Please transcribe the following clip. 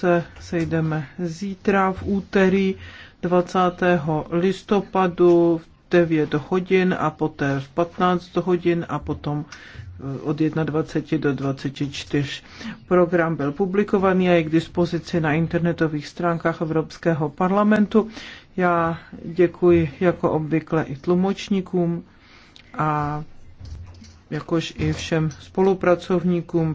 se sejdeme zítra v úterý 20. listopadu v 9 hodin a poté v 15 hodin a potom eh, od 21 do 24. Program byl publikovaný a je k dispozici na internetových stránkách Evropského parlamentu. Já děkuji jako obvykle i tlumočníkům a jakož i všem spolupracovníkům,